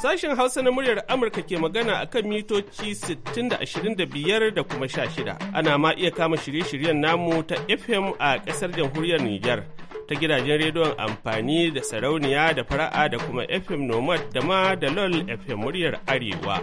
Sashen Hausa na muryar Amurka ke magana a kan mitoci 625 da kuma shida, Ana ma iya kama shirye-shiryen namu ta FM a ƙasar jamhuriyar Nijar ta gidajen rediyon amfani da sarauniya da fara'a da kuma FM Nomad da ma da LOL FM muryar Arewa.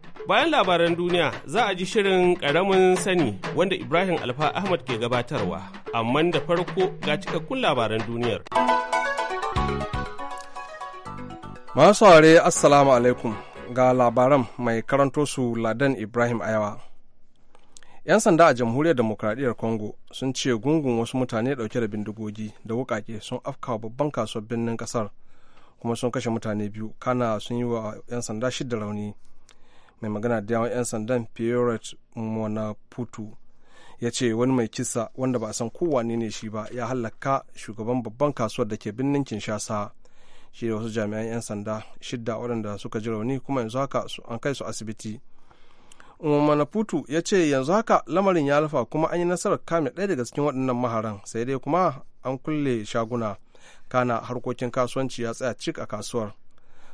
Bayan labaran duniya za a ji shirin ƙaramin sani wanda Ibrahim Alfa Ahmad ke gabatarwa, amma da farko ga cikakkun labaran duniyar. Masu ware Assalamu alaikum ga labaran mai karanto su Ladan Ibrahim Ayawa. 'Yan sanda a jamhuriyar demokradiyyar Congo sun ce gungun wasu mutane dauke da bindigogi da wukake sun afkawa babban kasuwar birnin ƙasar kuma sun kashe mutane biyu kana sun yi wa 'yan sanda shidda rauni. mai magana da yawan 'yan sandan pierrot monaputu ya ce wani mai kisa wanda ba a san kowane ne shi ba ya halaka shugaban babban kasuwar da ke birnin kinshasa shi da wasu jami'an 'yan sanda shidda waɗanda suka ji rauni kuma yanzu haka an kai su asibiti manaputu ya ce yanzu haka lamarin ya lafa kuma an yi nasarar kame ɗaya daga cikin waɗannan maharan sai dai kuma an kulle shaguna kana harkokin kasuwanci ya tsaya cik a kasuwar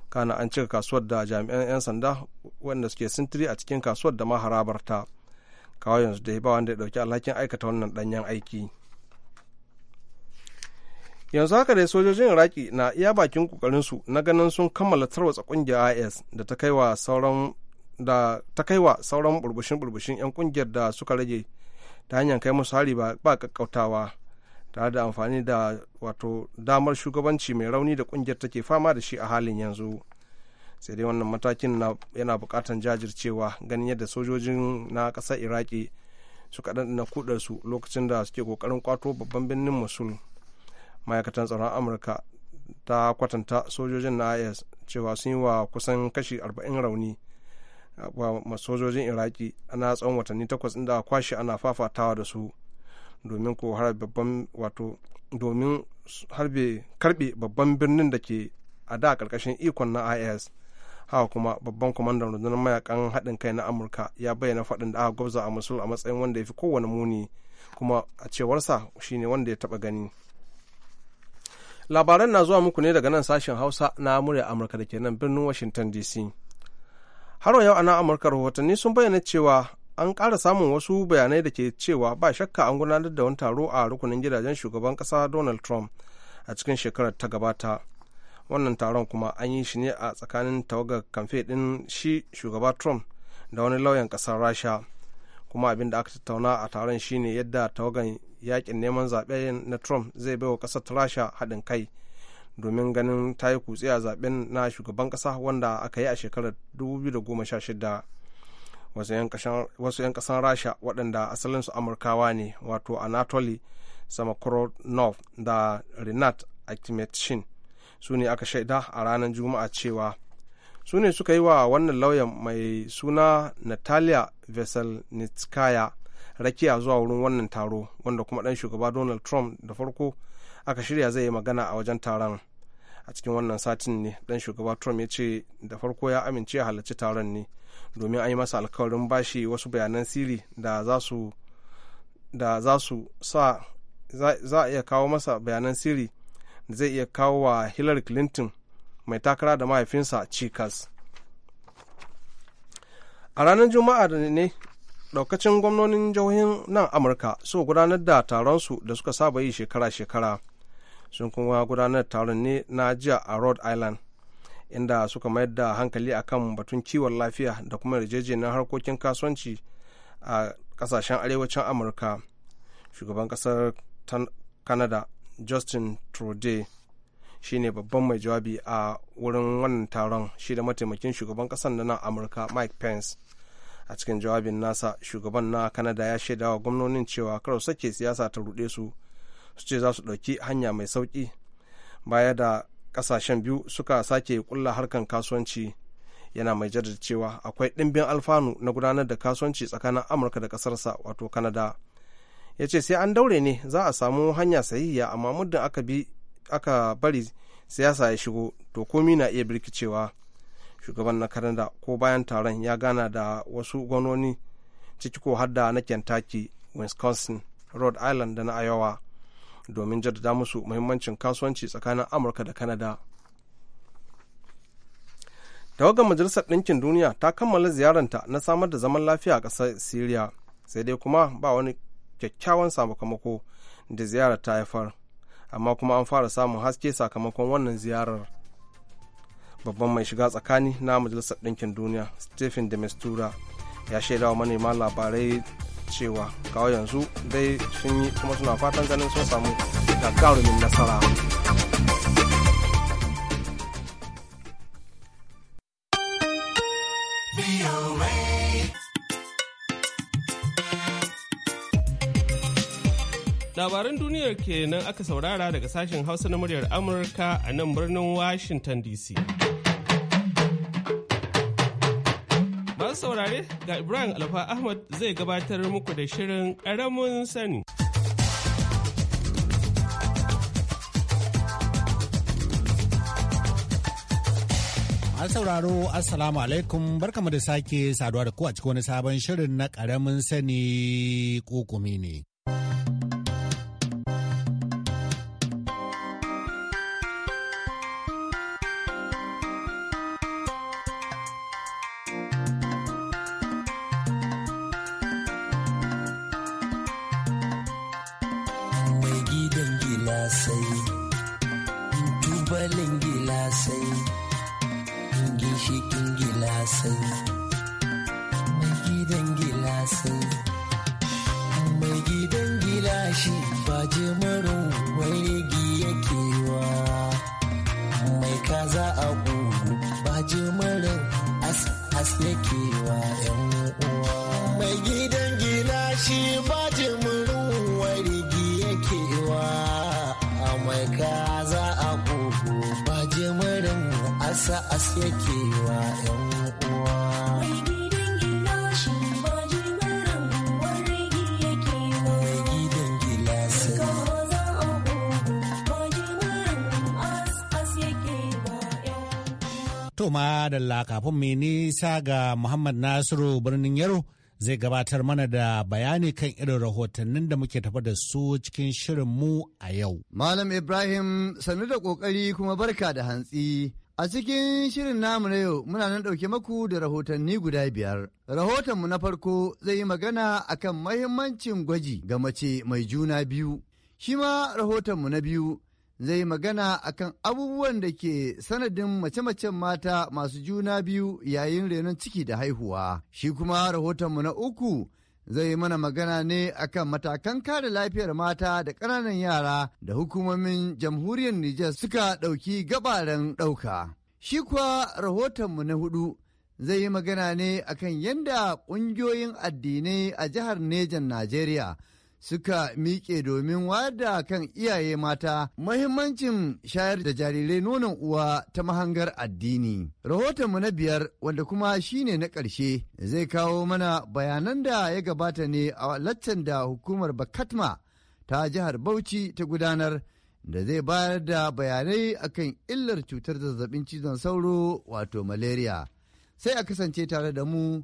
kana an cika kasuwar da jami'an 'yan sanda wanda suke sintiri a cikin kasuwar da maharabarta harabarta yanzu da ba wanda ya dauki alhakin aikata wannan danyen aiki yanzu haka dai sojojin iraki na iya bakin kokarinsu na ganin sun kammala tarwatsa kungiyar is da ta kai wa sauran da ta kai wa sauran burbushin burbushin 'yan kungiyar da suka rage ta hanyar kai musu hari ba kakkautawa tare da amfani da wato damar shugabanci mai rauni da kungiyar take fama da shi a halin yanzu sai dai wannan matakin yana bukatan jajircewa ganin yadda sojojin na ƙasar iraki suka kuɗa su lokacin da suke kokarin kwato babban birnin musul ma'aikatan tsaron amurka ta kwatanta sojojin na is cewa sun yi wa kusan kashi 40 rauni wa sojojin iraki ana tsawon watanni takwas inda kwashe ana fafatawa da su domin ko har babban wato domin harbe karbe babban birnin da ke a da karkashin ikon na is haka kuma babban kwamandan rundunar mayakan haɗin kai na amurka ya bayyana faɗin da aka gwabza a musul a matsayin wanda ya fi kowane muni kuma a cewarsa shine wanda ya taba gani labaran na zuwa muku ne daga nan sashen hausa na murya amurka da ke nan birnin washington dc har yau a nan amurka rahotanni sun bayyana cewa an ƙara samun wasu bayanai da ke cewa ba shakka an gudanar da wani taro a rukunin gidajen shugaban ƙasa donald trump a cikin shekarar ta gabata wannan taron kuma an yi shi ne a tsakanin tawagar kamfe ɗin shi shugaba trump da wani lauyan ƙasar rasha kuma abin da aka tattauna a taron shine yadda tawagan yakin neman zaɓe na trump zai baiwa ƙasar ta rasha haɗin kai domin ganin ta yi kutse a zaɓen na shugaban ƙasa wanda aka yi a shekarar 2016 wasu 'yan kasan rasha waɗanda asalinsu amurkawa ne wato anatoly samakoronov da renat akimetshin su ne aka shaida a ranar juma'a cewa su ne suka yi wa wannan lauyan mai suna natalia veselnitskaya rakiya zuwa wurin wannan taro wanda kuma ɗan shugaba donald trump da farko aka shirya zai yi magana a wajen taron a cikin wannan satin ne ɗan shugaba trump ya ce da farko ya amince halarci taron ne domin an yi masa alkawarin bashi wasu bayanan sirri da za su da za su sa za a iya kawo masa bayanan sirri da zai iya kawo wa hillary clinton mai takara da mahaifinsa cikas a ranar juma'a da ne daukacin gwamnonin jihohin nan amurka suka gudanar da taronsu da suka saba yi shekara-shekara sun kuma gudanar taron ne na jiya a rhode island inda suka mayar da hankali akan batun kiwon lafiya da kuma yarjejeniyar harkokin kasuwanci a kasashen arewacin amurka shugaban kasar canada justin trudeau shine babban mai jawabi a wurin wannan taron shi da mataimakin shugaban kasar na nan amurka mike pence a cikin jawabin nasa shugaban na canada ya shaida wa gwamnonin cewa karo sake siyasa ta rude su su ce za su ɗauki hanya mai sauki baya da kasashen biyu suka sake kulla harkan kasuwanci yana mai jaddada cewa akwai ɗimbin alfanu na gudanar da kasuwanci tsakanin amurka da ƙasarsa wato kanada ya ce sai an daure ne za a samu hanya sahihiya amma muddin aka bari siyasa ya shigo to komi na iya birkicewa shugaban na kanada ko bayan taron ya gana da wasu gwanoni ciki ko har na kentucky wisconsin rhode island da na iowa domin jaddada musu muhimmancin kasuwanci tsakanin amurka da kanada tawagar majalisar ɗinkin duniya ta kammala ziyaranta na samar da zaman lafiya a ƙasar syria sai dai kuma ba wani kyakkyawan sakamako da ziyarar ta haifar amma kuma an fara samun haske sakamakon wannan ziyarar babban mai shiga tsakani na majalisar ɗinkin duniya stephen de mistura ya shaidawa manema labarai cewa ga yanzu dai sun yi kuma suna fatan ganin sun samu gagarumin nasara labaran duniyar kenan aka saurara daga sashen hausa na muryar amurka a nan birnin washington dc saurare ga Ibrahim Alfa Ahmad zai gabatar muku da shirin ƙaramin sani. An sauraro Assalamu alaikum barkamu da sake saduwa da ku a cikin wani sabon shirin na ƙaramin sani kokumi ne. rayuwa da kafin mai nisa ga Muhammad Nasiru birnin Yaro zai gabatar mana da bayani kan irin rahotannin da muke tafa da su cikin shirinmu a yau. Malam Ibrahim sannu da kokari kuma barka da hantsi. A cikin shirin namu na yau muna nan ɗauke maku da rahotanni guda biyar. Rahotonmu na farko zai yi magana akan mahimmancin gwaji ga mace mai juna biyu. Shi ma rahotonmu na biyu zai yi magana akan abubuwan da ke sanadin mace-macen mata masu juna biyu yayin renon ciki da haihuwa. Shi kuma rahotonmu na uku zai yi mana magana ne akan matakan kare lafiyar mata da ƙananan yara da hukumomin jamhuriyar Nijar suka ɗauki gabaren ɗauka. Shi kuwa rahotonmu na hudu zai yi magana ne akan yadda ƙungiyoyin addinai a jihar Nejan Najeriya suka miƙe domin wayar kan iyaye mata mahimmancin shayar da jarirai nonon uwa ta mahangar addini. Rahotonmu na biyar wanda kuma shine na ƙarshe zai kawo mana bayanan da ya gabata ne a laccan da hukumar Bakatma ta jihar Bauchi ta gudanar da zai bayar da bayanai akan illar cutar zazzabin cizon sauro wato malaria. Sai a kasance tare da mu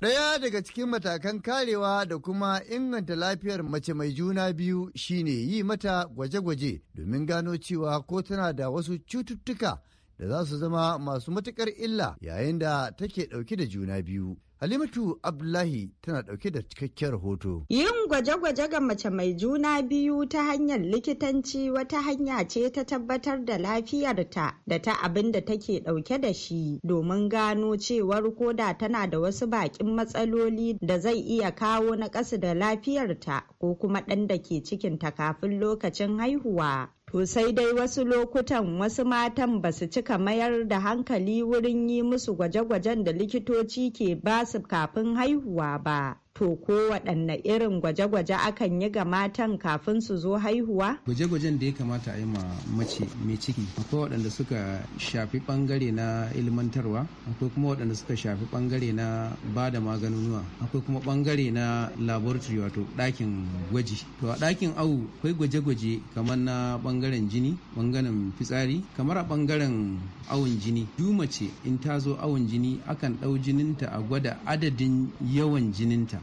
Ɗaya daga cikin matakan karewa da kuma inganta lafiyar mace mai juna biyu shine yi mata gwaje-gwaje domin gano cewa ko tana da wasu cututtuka da za su zama masu matuƙar illa yayin da take ɗauke da juna biyu. Halimatu Abdullahi tana ɗauke da cikakkiyar rahoto. Yin gwaje-gwaje ga mace mai juna biyu ta hanyar likitanci wata hanya ce ta tabbatar da lafiyarta da ta abin da take ɗauke da shi domin gano cewar koda tana da wasu baƙin matsaloli da zai iya kawo na da lafiyarta ko kuma ɗan da ke cikinta kafin lokacin haihuwa. To sai dai wasu lokutan wasu matan ba su cika mayar da hankali wurin yi musu gwaje-gwajen da likitoci ke basu kafin haihuwa ba. To ko waɗanne irin gwaje-gwaje akan yi ga matan kafin su zo haihuwa? Gwaje-gwajen da ya kamata a yi ma mace mai ciki. Akwai waɗanda suka shafi ɓangare na ilmantarwa, akwai kuma waɗanda suka shafi ɓangare na ba da maganunuwa, akwai kuma ɓangare na laboratory wato ɗakin gwaji. To a ɗakin awu akwai gwaje-gwaje kamar na ɓangaren jini, ɓangaren fitsari, kamar a ɓangaren awon jini. Du mace in ta zo awon jini akan ɗau jininta a gwada adadin yawan jininta.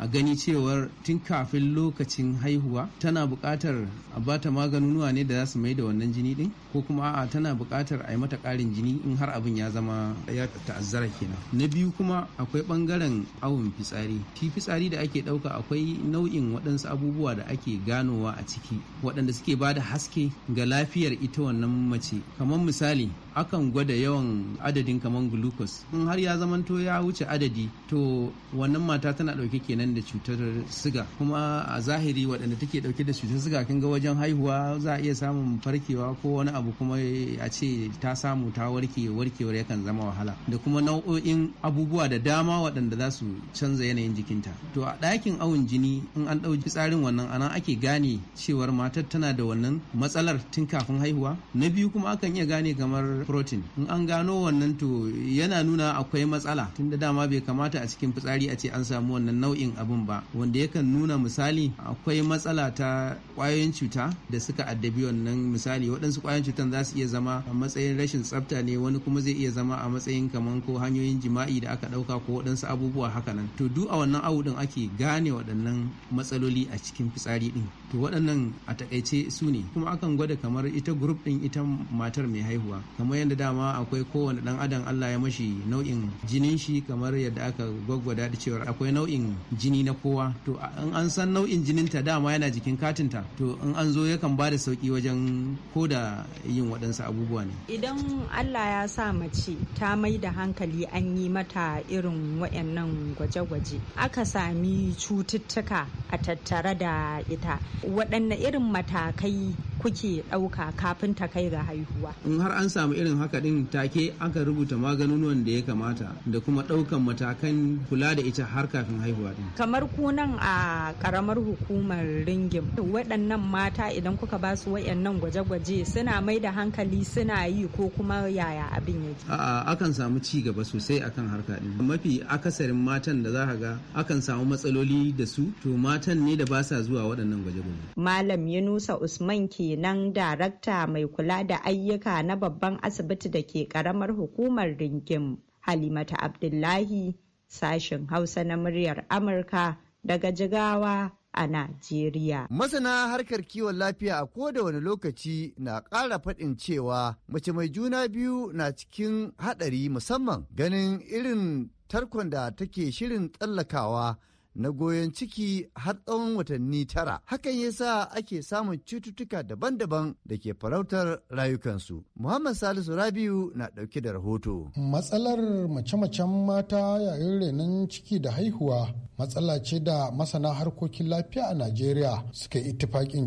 a gani cewar tun kafin lokacin haihuwa tana buƙatar a bata maganunuwa ne da za su mai da wannan jini din ko kuma a'a tana buƙatar a yi mata ƙarin jini in har abin ya zama ya ta'azzara kenan na biyu kuma akwai ɓangaren awon fitsari shi fitsari da ake ɗauka akwai nau'in waɗansu abubuwa da ake ganowa a ciki waɗanda suke ba da haske ga lafiyar ita wannan mace kamar misali akan gwada yawan adadin kamar glucose in har ya zamanto ya wuce adadi to wannan mata tana ɗauke kenan waɗanda cutar siga kuma a zahiri waɗanda take ɗauke da cutar siga kin ga wajen haihuwa za a iya samun farkewa ko wani abu kuma a ce ta samu ta warke warkewar yakan zama wahala da kuma nau'o'in abubuwa da dama waɗanda za su canza yanayin jikinta to a ɗakin awon jini in an ɗauki tsarin wannan anan ake gane cewar matar tana da wannan matsalar tun kafin haihuwa na biyu kuma akan iya gane kamar protein in an gano wannan to yana nuna akwai matsala tunda dama bai kamata a cikin fitsari a ce an samu wannan nau'in abin ba wanda yakan nuna misali akwai matsala ta kwayoyin cuta da suka addabi wannan misali waɗansu kwayoyin cutan za su iya zama a matsayin rashin tsafta ne wani kuma zai iya zama a matsayin kaman ko hanyoyin jima'i da aka ɗauka ko waɗansu abubuwa haka nan to duk a wannan awu ɗin ake gane waɗannan matsaloli a cikin fitsari ɗin to waɗannan a takaice su ne kuma akan gwada kamar ita group ɗin ita matar mai haihuwa kamar yadda dama akwai kowane ɗan adam Allah ya mashi nau'in jinin shi kamar yadda aka gwaggwada da cewa akwai nau'in jini na kowa to in an san nau'in jininta dama yana jikin katinta to in an zo yakan ba da sauki wajen ko da yin waɗansu abubuwa ne idan Allah ya sa mace ta mai da hankali an yi mata irin waɗannan gwaje-gwaje aka sami cututtuka a tattare da ita waɗanne irin matakai kuke ɗauka kafin ta kai ga haihuwa. In har an samu irin haka ɗin take aka rubuta maganunuwan da ya kamata da kuma ɗaukan matakan kula da ita har kafin haihuwa ɗin. Kamar kunan a ƙaramar hukumar ringin waɗannan mata idan kuka ba su waɗannan gwaje-gwaje suna mai da hankali suna yi ko kuma yaya abin yake. A'a akan samu ci gaba sosai akan harka ɗin. Mafi akasarin matan da za ka ga akan samu matsaloli da su to matan ne da ba sa zuwa waɗannan gwaje-gwaje. Malam Yunusa Usman kenan darakta mai kula da ayyuka na babban asibiti da ke karamar hukumar Ringim. Halimata Abdullahi sashen Hausa na muryar Amurka daga Jigawa a Najeriya. Masana harkar kiwon lafiya a koda wani lokaci na ƙara faɗin cewa mace mai juna biyu na cikin haɗari musamman ganin irin tarkon da take shirin tsallakawa na goyon ciki har tsawon watanni tara. Hakan ya sa ake samun cututtuka daban-daban da ke farautar rayukansu. Muhammad Salisu Rabiu na ɗauke da rahoto. Matsalar mace-macen mata yayin renon ciki da haihuwa matsala ce da masana harkokin lafiya a Najeriya suka yi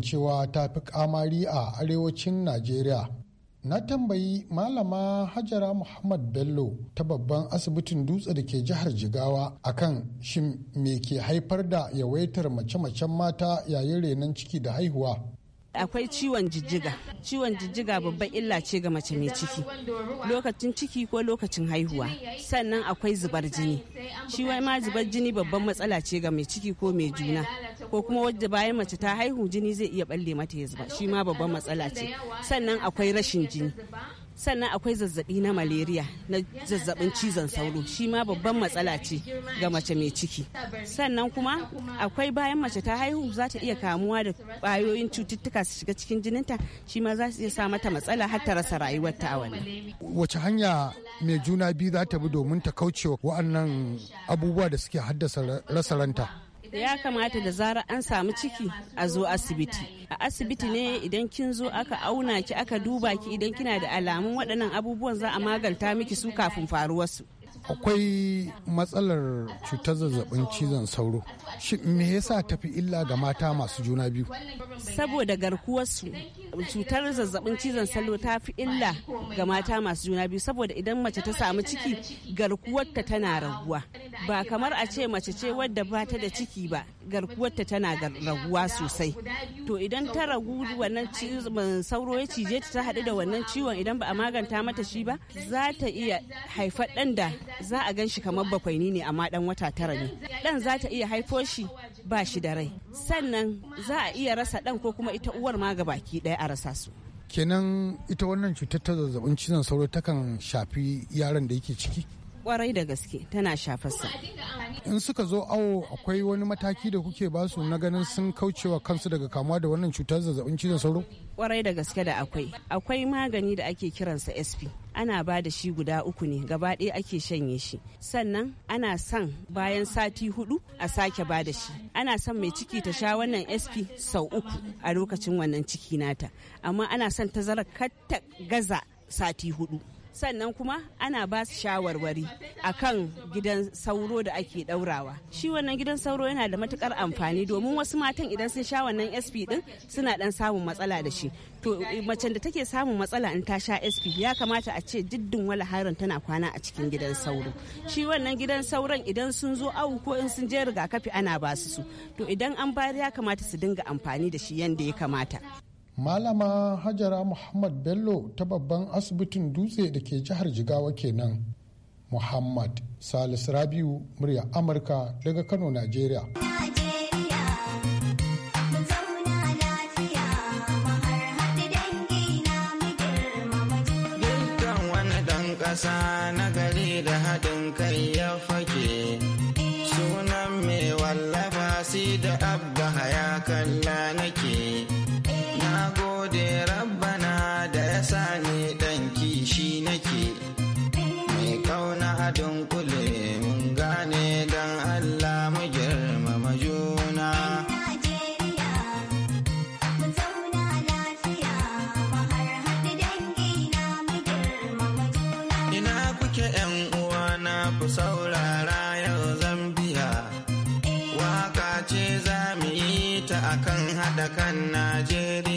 cewa ta fi kamari a arewacin Najeriya. na tambayi malama hajara muhammad bello ta babban asibitin dutse da ke jihar jigawa akan shin me ke haifar da yawaitar mace-macen mata yayin renon ciki da haihuwa akwai ciwon jijjiga ciwon jijjiga babban illa ce ga mace mai ciki lokacin ciki ko lokacin haihuwa sannan akwai zubar jini shi ma zubar jini babban matsala ce ga mai ciki ko mai juna ko kuma wadda bayan mace ta haihu jini zai iya balle mata ya zuba shi ma babban matsala ce sannan akwai rashin jini sannan akwai zazzabi na malaria na zazzabin cizon sauro shi ma babban matsala ce ga mace mai ciki sannan kuma akwai bayan mace ta haihu za ta iya kamuwa da ƙwayoyin cututtuka su shiga cikin jininta shi ma za su iya sa mata matsala har ta rasa rayuwarta a wannan wace hanya mai juna biyu za ta bi domin ta kauce wa wa'annan abubuwa da suke haddasa rasa ranta ya kamata da zara an samu ciki a zo asibiti a asibiti ne idan kin zo aka auna ki aka duba ki idan kina da alamun waɗannan abubuwan za a maganta miki su kafin faruwarsu akwai matsalar cutar zazzabin cizon sauro shi me yasa tafi illa ga mata masu juna biyu saboda garkuwarsu cutar zazzabin cizon sauro ta fi illa ga mata masu juna biyu saboda idan mace ta samu ciki garkuwarta tana raguwa ba kamar a ce mace ce wadda ba ta da ciki ba garkuwarta tana raguwa sosai to idan ta ragu wannan sauro ya cije ta haɗu da wannan ciwon idan ba a maganta mata shi ba za ta iya haifar ɗan da za a gan shi kamar bakwaini ne amma dan wata tara ne dan za ta iya haifo shi ba shi da rai sannan za a iya rasa dan ko kuma ita uwar ma ga baki daya a rasa su kenan ita wannan cutar ta zazzabin cizon sauro takan shafi yaran da yake ciki kwarai da gaske tana shafarsa. In suka zo awo akwai wani mataki da kuke basu na ganin sun kaucewa kansu daga kamuwa da wannan cutar zazzabin cizon sauro? Kwarai da gaske da akwai. Akwai magani da ake kiransa SP. ana ba da shi guda uku ne gaba ɗaya ake shanye shi sannan ana san bayan sati hudu a sake ba da shi ana son mai ciki ta sha wannan sp sau uku a lokacin wannan ciki nata amma ana son tazarar kar ta gaza sati hudu sannan kuma ana ba su shawarwari a kan gidan sauro da ake daurawa shi wannan gidan sauro yana da matukar amfani domin wasu matan idan sun sha wannan sp din suna dan samun matsala da shi to eh, macen da take samun matsala in ta sha sp ya kamata a ce diddin wala harin tana kwana a cikin gidan sauro shi wannan gidan sauron idan sun zo awu ko in sun je rigakafi ana ba su to idan an bayar ya kamata su dinga amfani da shi yanda ya kamata malama hajara muhammad bello ta babban asibitin dutse da ke jihar jigawa kenan muhammad salis rabiu murya amurka daga kano nigeria na da haɗin kai ya fake eh. sunan mai wallafa si da abba ya kalli kan Najeriya.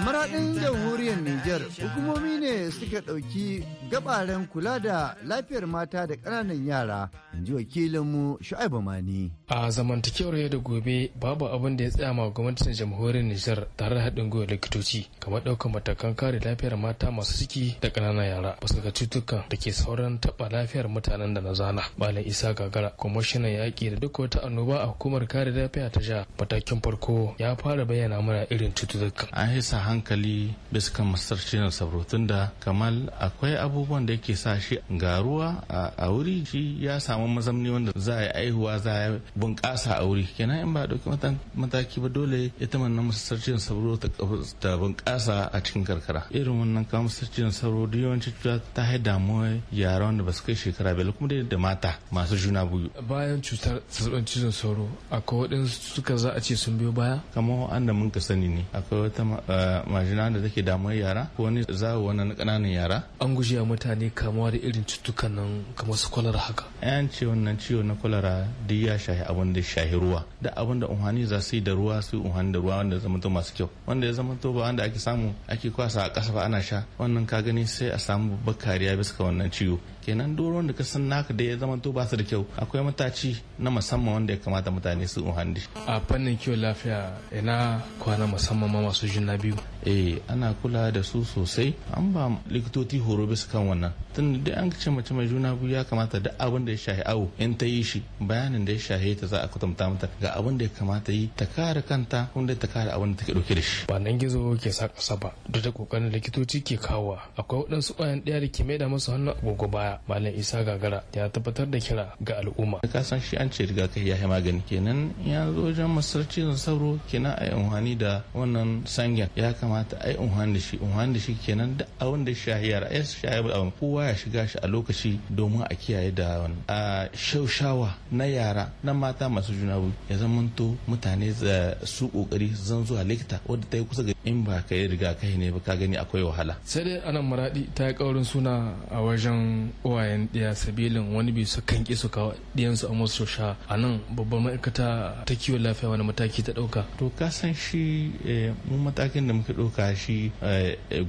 A maraɗin jamhuriyar Nijar, hukumomi ne suka ɗauki gabaren kula da lafiyar mata da ƙananan yara, in ji wakilinmu Shu'aibu Mani. A zamantakewar yau da gobe babu abin da ya tsaya ma gwamnatin jamhuriyar Nijar tare da haɗin gwiwar likitoci, kamar ɗaukar matakan kare lafiyar mata masu ciki da ƙananan yara, basu ga cutukan da ke sauran taɓa lafiyar mutanen da na zana. Malam Isa Gagara, kwamishinan yaƙi da duk wata annoba a hukumar kare lafiya ta jiha matakin farko ya fara bayyana mana irin cututtukan. An hankali bisa kan masarcin sabro tunda kamal akwai abubuwan da yake sa shi ga ruwa a wuri shi ya samu mazamni wanda za a yi aihuwa za a bunƙasa a wuri kenan in ba dauki mataki ba dole ita wannan masarcin sabro ta bunƙasa a cikin karkara irin wannan kama masarcin sabro duk yawanci ta haida mu yara wanda ba su kai shekara biyar kuma da mata masu juna biyu bayan cutar zazzabin cizon sauro akwai waɗansu suka za a ce sun biyo baya kamar wanda mun ka sani ne akwai wata eh, majina da take damar yara ko wani zawo na ƙananan yara an ya mutane kamuwa da irin cutukan nan kamar su kwalara haka yan ce wannan ciwo na kwalara duk ya shahi abin da shahi ruwa da abin da unhani za su yi da ruwa su unhani da ruwa wanda ya zamanto masu kyau wanda ya zamanto ba wanda ake samu ake kwasa a ƙasa ba ana sha wannan ka gani sai a samu babbar kariya bisa ka wannan ciwo kenan doro wanda ka san naka da ya zama to ba su da kyau akwai mataci na musamman wanda ya kamata mutane su unhani a fannin kiwon lafiya ina kwana musamman ma masu juna biyu eh ana kula da su sosai an ba likitoci horo bisa kan wannan tun da an ce mace mai juna biyu ya kamata da abin da ya shahi awo in ta yi shi bayanin da ya shahi ta za a kwatanta mata ga abin da ya kamata yi ta kare kanta kuma ta kare abin da take dauke da shi ba nan gizo ke sa kasa ba duk da kokarin likitoci ke kawo akwai waɗansu ƙwayan ɗaya da ke da musu hannu agogo baya malam isa gagara ya tabbatar da kira ga al'umma ka san shi an ce riga kai ya magani kenan ya zo wajen masar cizon sauro kenan a yi da wannan sangen ya ya kamata ai unhan da shi unhan da shi kenan da abin da shahiyar ai shahiyar abin kowa ya shiga shi a lokaci domin a kiyaye da wani a shaushawa na yara na mata masu juna biyu ya zamanto mutane eh, su kokari zan zuwa likita wadda ta yi kusa ga in ba ka yi riga kai ne ba ka gani akwai wahala sai dai anan maradi ta yi kaurin suna a wajen uwayen ɗaya sabilin wani bi su kan su kawo ɗiyansu a musu shaushawa a nan babban ma'aikata ta kiwon lafiya wani mataki ta ɗauka to ka san shi eh, mu matakin da in ɗauka shi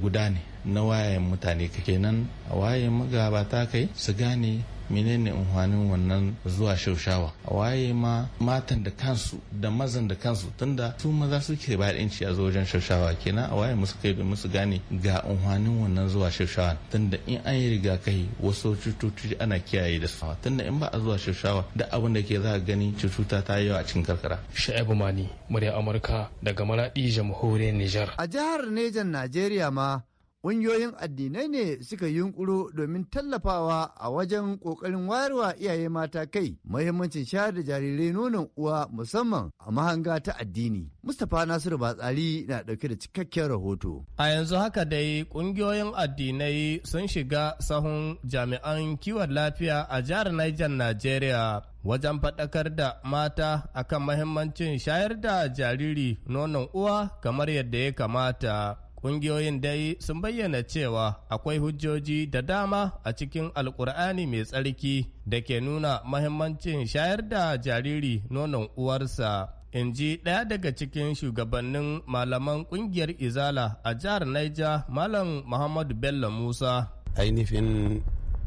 guda ne na wayan mutane ka kenan wayan magabata kai su gane menene unhwanin wannan zuwa shaushawa a waye ma matan da kansu da mazan da kansu tunda su maza suke ba yanci a zo wajen shaushawa kenan a waye musu kai musu gane ga unhwanin wannan zuwa shaushawa tunda in an yi rigakafi wasu cututtuki ana kiyaye da su tunda in ba a zuwa shaushawa da abin da ke za gani cututa ta yi yawa a cikin karkara sha'ibu mani murya amurka daga maradi jamhuriyar nijar a jihar nejan najeriya ma ƙungiyoyin addinai ne suka yunkuro domin tallafawa a wajen ƙoƙarin wayarwa iyaye mata kai mahimmancin shayar da jarirai nonon uwa musamman a mahanga ta addini. Mustapha Nasiru Batsari na ɗauke da cikakken rahoto. A yanzu haka dai ƙungiyoyin addinai sun shiga sahun jami'an kiwon lafiya a jihar Niger Najeriya. wajen faɗakar da mata akan mahimmancin shayar da jariri nonon uwa kamar yadda ya kamata. Ƙungiyoyin dai sun bayyana cewa akwai hujjoji da dama a cikin alkur'ani mai tsarki da ke nuna mahimmancin shayar da jariri nonon uwarsa. in ji ɗaya daga cikin shugabannin malaman ƙungiyar izala a jihar naija malam muhammadu bello musa ainihin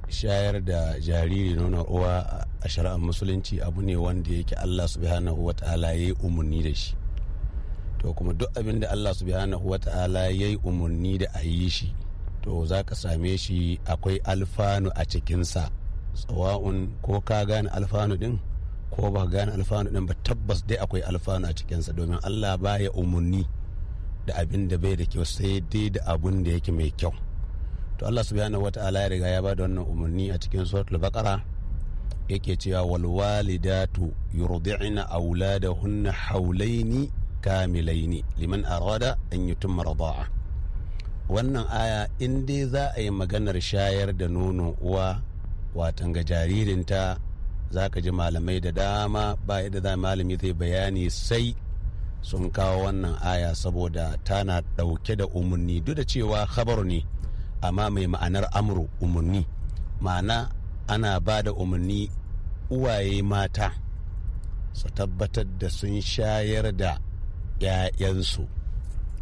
shayar da jariri nonon uwa a shari'ar musulunci abu ne wanda yake allah subhanahu wa ta'ala ya yi umarni da shi to kuma duk abin da Allah subhanahu wa ta'ala ya yi umarni da a yi shi to za ka same shi akwai alfanu a cikinsa tsawa'un ko ka gane alfanu din ko ba ka gane alfanu din ba tabbas dai akwai alfanu a cikinsa domin Allah ba ya umarni da abin da bai da kyau sai dai da abin da yake mai kyau to Allah subhanahu ta'ala ya riga ya ba da wannan umarni a cikin suratul baqara yake cewa wal walidatu yurdi'na auladahunna hawlaini kamilaini liman arada an tun rada'a wannan aya in dai za a yi maganar shayar da nono uwa watan ga jaririnta za ka ji malamai da dama ba yadda za malami zai bayani sai sun kawo wannan aya saboda tana ɗauke da umarni duk da cewa khabar ne amma mai ma'anar amuru umarni ma'ana ana ba da umarni uwaye mata su tabbatar da sun shayar da 'ya'yansu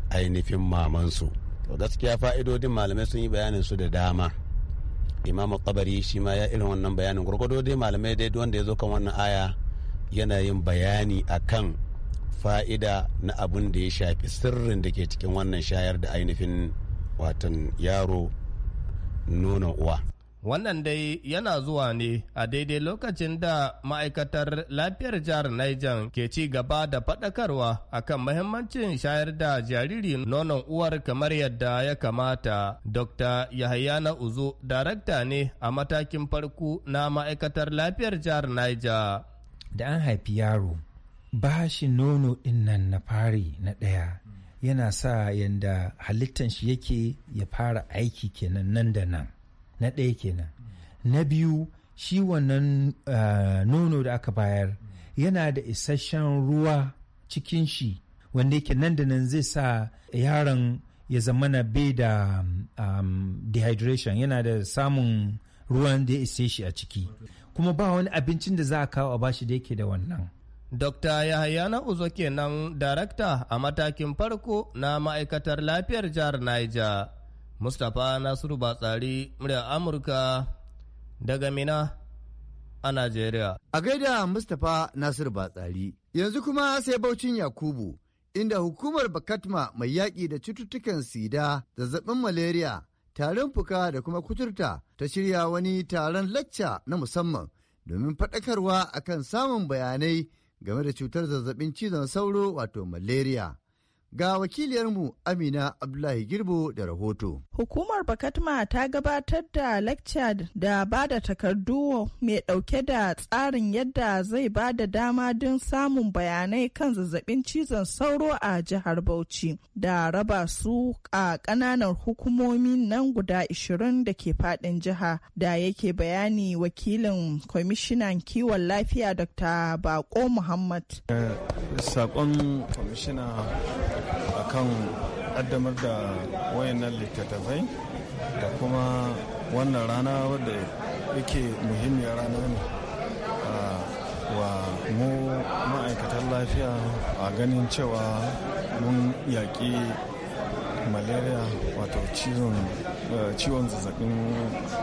ainihin mamansu to gaskiya fa'idodin malamai sun yi bayanin su da dama imamu kabari shi ma ya irin wannan bayanin gwargwado dai malamai dai wanda ya zo kan wannan aya yana yin bayani a kan fa'ida na abin da ya shafi sirrin da ke cikin wannan shayar da ainihin watan yaro nuna uwa Wannan dai yana zuwa ne a daidai lokacin da ma'aikatar lafiyar jihar Niger ke ci gaba da faɗakarwa akan mahimmancin shayar da jariri nonon uwar kamar yadda ya kamata. Dr. Yahaya na Uzo, darakta ne a matakin farko na ma'aikatar lafiyar jihar Niger. Da an haifi yaro, ba shi nono ɗin nan na fari na ɗaya. yana sa yadda halittan shi yake ya fara aiki kenan nan da nan na ɗaya kenan na biyu shi wannan eh, nono da aka bayar yana da isasshen ruwa cikin shi wanda yake nan da nan zai sa yaron ya zama na bai da um, dehydration yana da samun ruwan da ya ise shi a ciki kuma ba wani abincin da za a kawo a bashi da yake da wannan Dr. Yahayana Uzo kenan darakta a matakin farko na ma'aikatar lafiyar jihar Niger. Mustapha Nasiru Batsari murya Amurka daga Mina a Najeriya. A gaida Mustapha Nasiru Batsari yanzu kuma sai Baucin Yakubu inda hukumar Bakatma mai yaƙi da cututtukan sida, zazzabin malaria, tarin fuka da kuma kuturta ta shirya wani taron lacca na musamman domin faɗakarwa akan samun bayanai game da cutar zazzabin cizon sauro wato malaria. Ga wakiliyarmu Amina Abdullahi Girbo da rahoto. Hukumar Bakatma ta gabatar da lecture da ba da takardu mai ɗauke da tsarin yadda zai ba da dama don samun bayanai kan zazzabin cizon sauro a jihar Bauchi da raba su a ƙananan hukumomi nan guda 20 da ke faɗin jiha da yake bayani wakilin kwamishinan kiwon lafiya Dr. Bako Muhammad. Eh, Sakon kwamishina akan kaddamar da wayannan littattafai da kuma wannan rana wadda yake muhimmiyar rana ne wa mu ma'aikatan lafiya a ganin cewa mun yaƙi malaria wato eh, ciwon zazzabin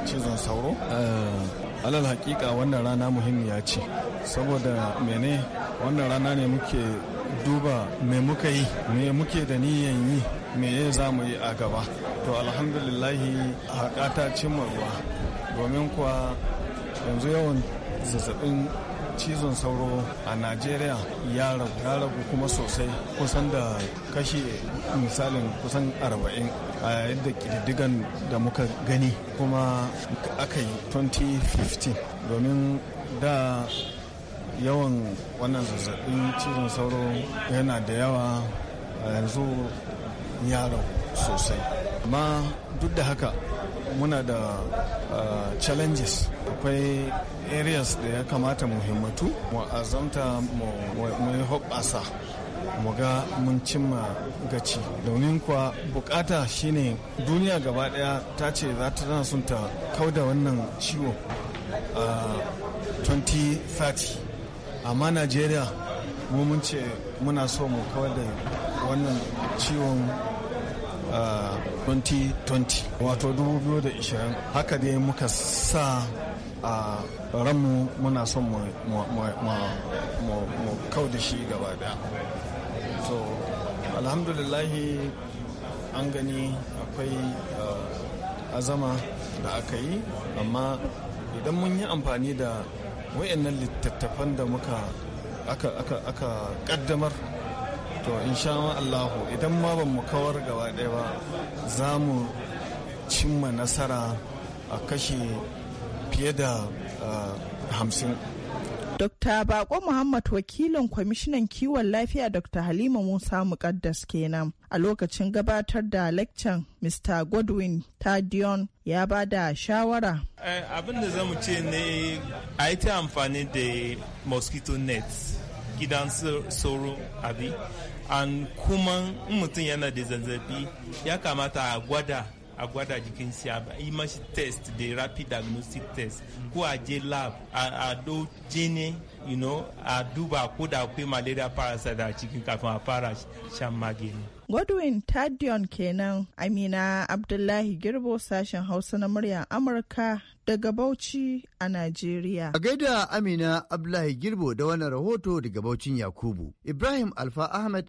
cizon sauro eh, alal hakika wannan rana muhimmiya ce saboda mene wannan rana ne muke duba me muka yi me muke da niyan yi me za mu yi a gaba to alhamdulillahi haƙa cimma ruwa domin kuwa yanzu yawan zazzaɓin. cizon sauro a najeriya ya ragu ya ragu kuma sosai kusan da kashi misalin kusan arba'in a yadda kididdigan da muka gani kuma aka yi 2015 domin da yawan wannan zazzabin cizon sauro yana da yawa a yanzu ya ragu sosai amma duk da haka muna da ah, challenges akwai areas da ya kamata mu himmatu mu azamta mu yi hoɓɓasa mu ga mun cimma gaci domin kuwa bukata shine duniya gaba daya ta ce za ta tana son ta kauda wannan ciwo a ah, 2030 amma najeriya mu mun ce muna so mu kawar da wannan ciwon 2020 uh, wato 2020 haka dai muka sa a uh, ranmu muna son mu kau da shi gaba daya so alhamdulillahi an gani akwai uh, azama da aka yi amma idan mun yi amfani da wayannan littattafan da muka aka kaddamar to insha Allahu idan ma ban mu kawar gaba ɗaya ba za mu cimma nasara a kashe fiye da ah, hamsin. Dokta Bako Muhammad wakilin kwamishinan kiwon lafiya Dr. Halima Musa Mukaddas kenan a lokacin gabatar da leccan Mr. Godwin Tadion ya ba da shawara. Eh, abin da zamu ce ne a yi ta amfani da mosquito net gidan sauro abi an kuma in mutum yana da zazzabi ya kamata a gwada a gwada jikin siya ba yi test da rapid diagnostic test ko a je lab a do jini you know a duba ko da akwai malaria parasite a cikin kafin a fara shan magani godwin tadion kenan amina abdullahi girbo sashen hausa na muryar amurka daga bauchi a najeriya a gaida amina abdullahi girbo da wannan rahoto daga baucin yakubu ibrahim alfa ahmed